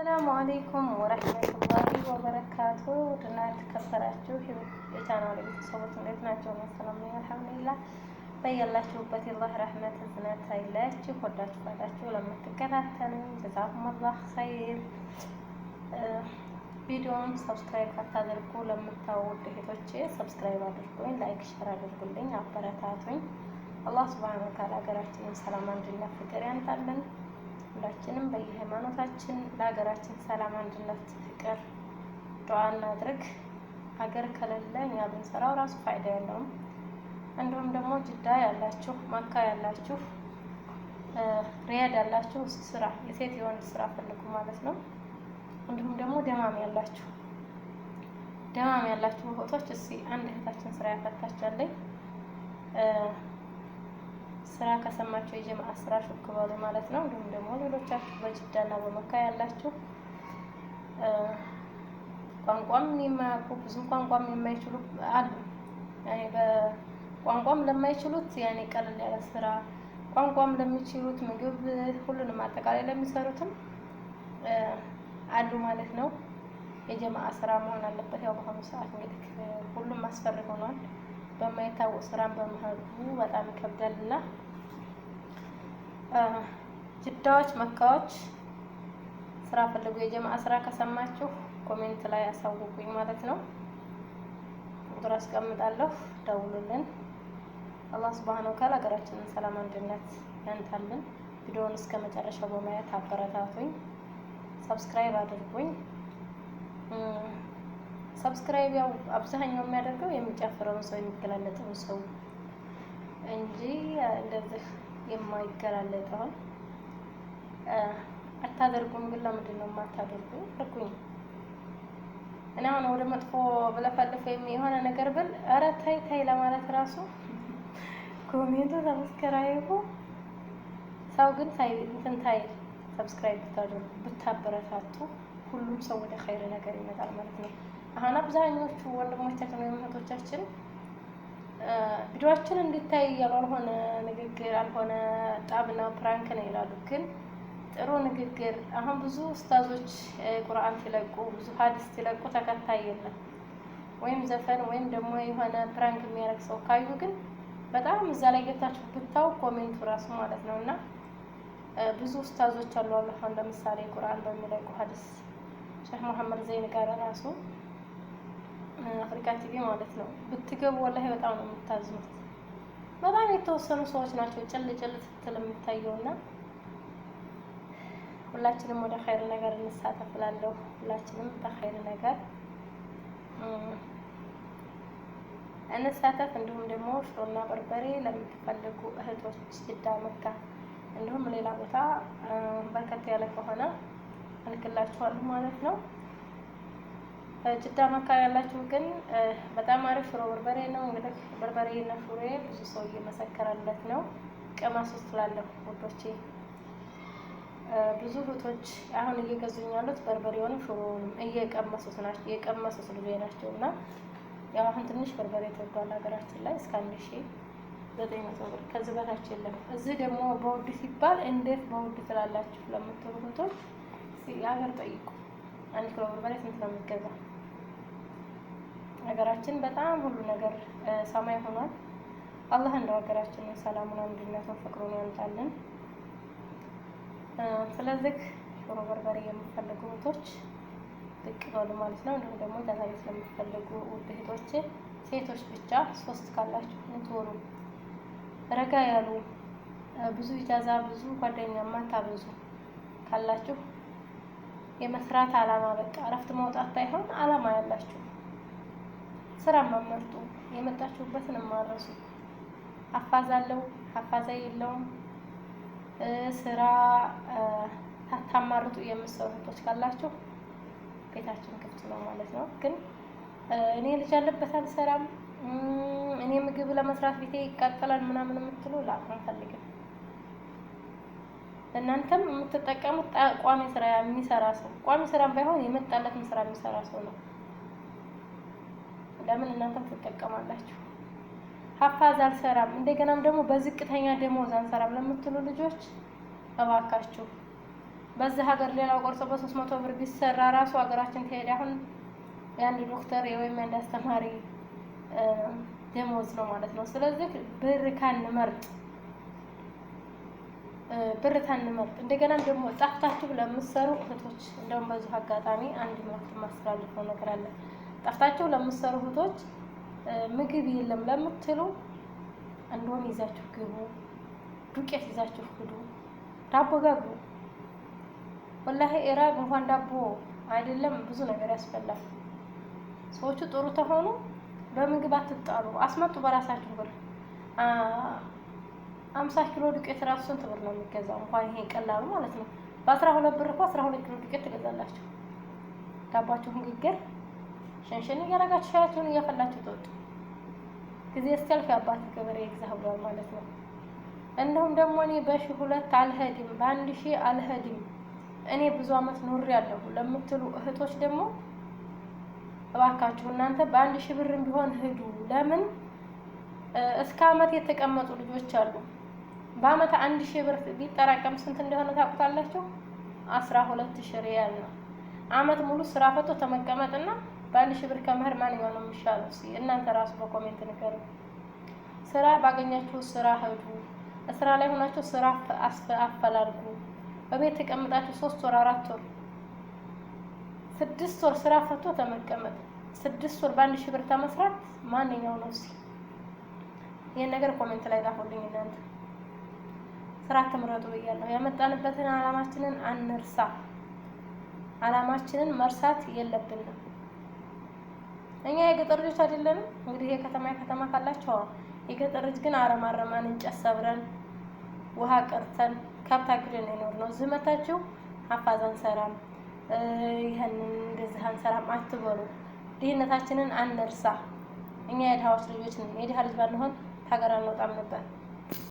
ሰላሙ አሌይኩም ወረህመቱላሂ ወበረካቱ ድና የተከበራችሁ የቻናል ቤተሰቦች እንዴት ናቸው? ሰላም ነኝ አልሐምዱሊላህ። በያላችሁበት የአላህ ረህመት እዝነት አይለያችሁ። ወዳችሁ ባላችሁ ለምትከታተሉኝ ጀዛኩሙላህ ኸይር። ቪዲዮውን ሰብስክራይብ ካታደርጉ ለምታወዱ እህቶቼ ሰብስክራይብ አድርጉኝ፣ ላይክ ሸር አድርጉልኝ፣ አበረታቱኝ። አላህ ሱብሃነሁ ወተዓላ ሀገራችንን ሰላም፣ አንድነት፣ ፍቅር ያምጣልን። ሁላችንም በየሃይማኖታችን ለሀገራችን ሰላም፣ አንድነት፣ ፍቅር ዱዓ እናድርግ። ሀገር ከሌለ እኛ ብንሰራው ራሱ ፋይዳ የለውም። እንዲሁም ደግሞ ጅዳ ያላችሁ፣ መካ ያላችሁ፣ ሪያድ ያላችሁ ስራ የሴት የወንድ ስራ ፈልጉ ማለት ነው። እንዲሁም ደግሞ ደማም ያላችሁ ደማም ያላችሁ እህቶች እስኪ አንድ እህታችን ስራ ያፈታቻለኝ ስራ ከሰማችሁ የጀማአ ስራ ሹክ በሉ ማለት ነው። እንዲሁም ደግሞ ሌሎቻችሁ በጅዳና በመካ ያላችሁ ቋንቋም የማያውቁ ብዙም ቋንቋም የማይችሉ አሉ። በቋንቋም ለማይችሉት ያኔ ቀለል ያለ ስራ፣ ቋንቋም ለሚችሉት ምግብ፣ ሁሉንም አጠቃላይ ለሚሰሩትም አሉ ማለት ነው። የጀማዓ ስራ መሆን አለበት። ያው በአሁኑ ሰዓት እንግዲህ ሁሉም አስፈሪ ሆኗል። በማይታወቅ ስራን በመሄዱ በጣም ይከብዳልና ጅዳዎች፣ መካዎች ስራ ፈልጉ። የጀማአ ስራ ከሰማችሁ ኮሜንት ላይ አሳውቁኝ ማለት ነው። ቁጥር አስቀምጣለሁ፣ ደውሉልን። አላህ ሱብሃነሁ ወተዓላ ሀገራችንን ሰላም፣ አንድነት ያንጣልን። ቪዲዮውን እስከ መጨረሻው በማየት አበረታቱኝ፣ ሰብስክራይብ አድርጉኝ። ሰብስክራይብ ያው አብዛኛው የሚያደርገው የሚጨፍረውን ሰው የሚገላለጠውን ሰው እንጂ እንደዚህ የማይገላለጠውን አታደርጉም። ግን ለምንድን ነው የማታደርጉ? እርኩኝ እኔ አሁን ወደ መጥፎ ብለፈልፍ ወይም የሆነ ነገር ብል ኧረ ታይ ታይ ለማለት ራሱ ኮሜንቱ ሰብስክራይቡ ሰው ግን ታይ እንትን ታይ ሰብስክራይብ ብታደርጉ ብታበረታቱ ሁሉም ሰው ወደ ኸይር ነገር ይመጣል ማለት ነው። አሁን አብዛኞቹ ወንድሞቻችን ወይም እህቶቻችን ቪዲዮችን እንድታይ ያልሆነ ንግግር አልሆነ ጣብና ፕራንክ ነው ይላሉ። ግን ጥሩ ንግግር አሁን ብዙ ኡስታዞች ቁርአን ሲለቁ ብዙ ሀዲስ ሲለቁ ተከታይ የለም ወይም ዘፈን ወይም ደግሞ የሆነ ፕራንክ የሚያደርግ ሰው ካዩ ግን በጣም እዛ ላይ ገብታችሁ ብታው ኮሜንቱ ራሱ ማለት ነው እና ብዙ ኡስታዞች አሉ አሁን ለምሳሌ ቁርአን በሚለቁ ሀዲስ ሼህ መሐመድ ዘይን ጋር ራሱ አፍሪካ ቲቪ ማለት ነው ብትገቡ ወላሂ በጣም ነው የምታዝኑት። በጣም የተወሰኑ ሰዎች ናቸው ጭል ጭል ስትል የምታየው እና ሁላችንም ወደ ኸይር ነገር እንሳተፍ እላለሁ። ሁላችንም በኸይር ነገር እንሳተፍ። እንዲሁም ደግሞ ሽሮና በርበሬ ለምትፈልጉ እህቶች ጅዳ፣ መካ እንዲሁም ሌላ ቦታ በርከት ያለ ከሆነ እልክላችኋለሁ ማለት ነው። ጅዳ መካ ያላችሁ ግን በጣም አሪፍ ሽሮ በርበሬ ነው። እንግዲህ በርበሬ እና ሽሮ ብዙ ሰው እየመሰከረለት ነው። ቅመሱ ስላለሁ ውዶቼ፣ ብዙ እህቶች አሁን እየገዙኝ ያሉት በርበሬውንም ሽሮውንም እየቀመሱት ናቸው፣ እየቀመሱት ልጆች ናቸው። እና ያው አሁን ትንሽ በርበሬ ተወዷል ሀገራችን ላይ እስከ አንድ ሺ ዘጠኝ መቶ ብር ከዚህ በታች የለም። እዚህ ደግሞ በውድ ሲባል እንዴት በውድ ትላላችሁ ለምትሉ እህቶች ሀገር ጠይቁ። አንድ ኪሎ በርበሬ ስንት ነው የሚገዛ? ሀገራችን በጣም ሁሉ ነገር ሰማይ ሆኗል። አላህ እንደው ሀገራችንን ሰላሙን፣ አንድነቱን፣ ፍቅሩን ያምጣልን። ስለዚህ ዶሮ በርበሬ የምትፈልጉ እህቶች ብቅ በሉ ማለት ነው። እንዲሁም ደግሞ ተዛሬ ስለምትፈልጉ ውድ እህቶች ሴቶች ብቻ ሶስት ካላችሁ ምትሆኑ ረጋ ያሉ ብዙ ኢጃዛ ብዙ ጓደኛ ማታበዙ ካላችሁ የመስራት አላማ በቃ እረፍት መውጣት ሳይሆን አላማ ያላችሁ ስራ ማመርጡ የመጣችሁበትን ማረሱ አፋዝ አለው አፋዛ የለውም። ስራ ታማርጡ የምትሰሩ ልጆች ካላችሁ ቤታችን ክፍት ነው ማለት ነው። ግን እኔ ልጅ አለበት አልሰራም፣ እኔ ምግብ ለመስራት ቤቴ ይቃጠላል ምናምን የምትሉ ላ እናንተም የምትጠቀሙት ቋሚ ስራ የሚሰራ ሰው ቋሚ ስራ ባይሆን የመጣለትን ስራ የሚሰራ ሰው ነው። ለምን እናንተም ትጠቀማላችሁ? ሀፋዝ አልሰራም እንደገናም ደግሞ በዝቅተኛ ደሞዝ አንሰራም ለምትሉ ልጆች እባካችሁ በዚህ ሀገር ሌላው ቆርሶ በሶስት መቶ ብር ቢሰራ ራሱ ሀገራችን ትሄድ አሁን የአንድ ዶክተር ወይም የአንድ አስተማሪ ደሞዝ ነው ማለት ነው። ስለዚህ ብር ካንመርጥ ብር ታንመርጥ። እንደገናም ደግሞ ጣፍታችሁ ለምትሰሩ እህቶች እንደውም በዚሁ አጋጣሚ አንድ መልዕክት ማስተላለፈው ነገር አለ። ጠፍታችሁ ለምትሰሩ እህቶች ምግብ የለም ለምትሉ እንደሆነ ይዛችሁ ግቡ፣ ዱቄት ይዛችሁ ሂዱ፣ ዳቦ ጋግሩ። ወላሂ ኢራቅ እንኳን ዳቦ አይደለም ብዙ ነገር ያስፈላል። ሰዎቹ ጥሩ ተሆኑ በምግብ አትጣሉ። አስመጡ በራሳችሁ ብር። አምሳ ኪሎ ዱቄት ራሱ ስንት ብር ነው የሚገዛው? እንኳን ይሄ ቀላሉ ማለት ነው። በአስራ ሁለት ብር እኮ አስራ ሁለት ኪሎ ዱቄት ትገዛላችሁ። ዳቧችሁን ግግር ሸንሸን እያረጋችሁ ሻያችሁን እያፈላችሁ ተወጡ። ጊዜ እስኪያልፍ የአባት ክብር ይግዛ ብሏል ማለት ነው። እንደውም ደግሞ እኔ በሺ ሁለት አልሄድም በአንድ ሺህ አልሄድም እኔ ብዙ አመት ኖር ያለሁ ለምትሉ እህቶች ደግሞ እባካችሁ እናንተ በአንድ ሺህ ብርም ቢሆን ሂዱ። ለምን እስከ አመት የተቀመጡ ልጆች አሉ። በአመት አንድ ሺህ ብር ቢጠራቀም ስንት እንደሆነ ታውቁታላችሁ? አስራ ሁለት ሺህ ሪያል ነው። አመት ሙሉ ስራ ፈቶ ተመቀመጥና በአንድ ሺህ ብር ከመሄድ ማንኛው ነው የሚሻለው? እስኪ እናንተ ራሱ በኮሜንት ንገሩ። ስራ ባገኛችሁ ስራ ህዱ። ስራ ላይ ሆናችሁ ስራ አፈላልጉ። በቤት ተቀምጣችሁ ሶስት ወር አራት ወር ስድስት ወር ስራ ፈቶ ተመቀመጥ ስድስት ወር በአንድ ሺህ ብር ተመስራት ማንኛው ነው እስኪ? ይህን ነገር ኮሜንት ላይ ጻፉልኝ። እናንተ ስራ ትምረጡ ብያለሁ። ያመጣንበትን አላማችንን አንርሳ። አላማችንን መርሳት የለብንም። እኛ የገጠር ልጆች አይደለንም። እንግዲህ የከተማ የከተማ ካላቸው የገጠር ልጅ ግን አረማረማን እንጨት ሰብረን ውሃ ቀርተን ከብት አግደን ይኖር ነው። እዚህ መታችሁ አፋዝ አንሰራም፣ ይህንን እንደዚህ አንሰራም አትበሉ። ድህነታችንን አንርሳ። እኛ የድሃዎች ልጆች ነን። የድሃ ልጅ ባንሆን ሀገር አንወጣም ነበር።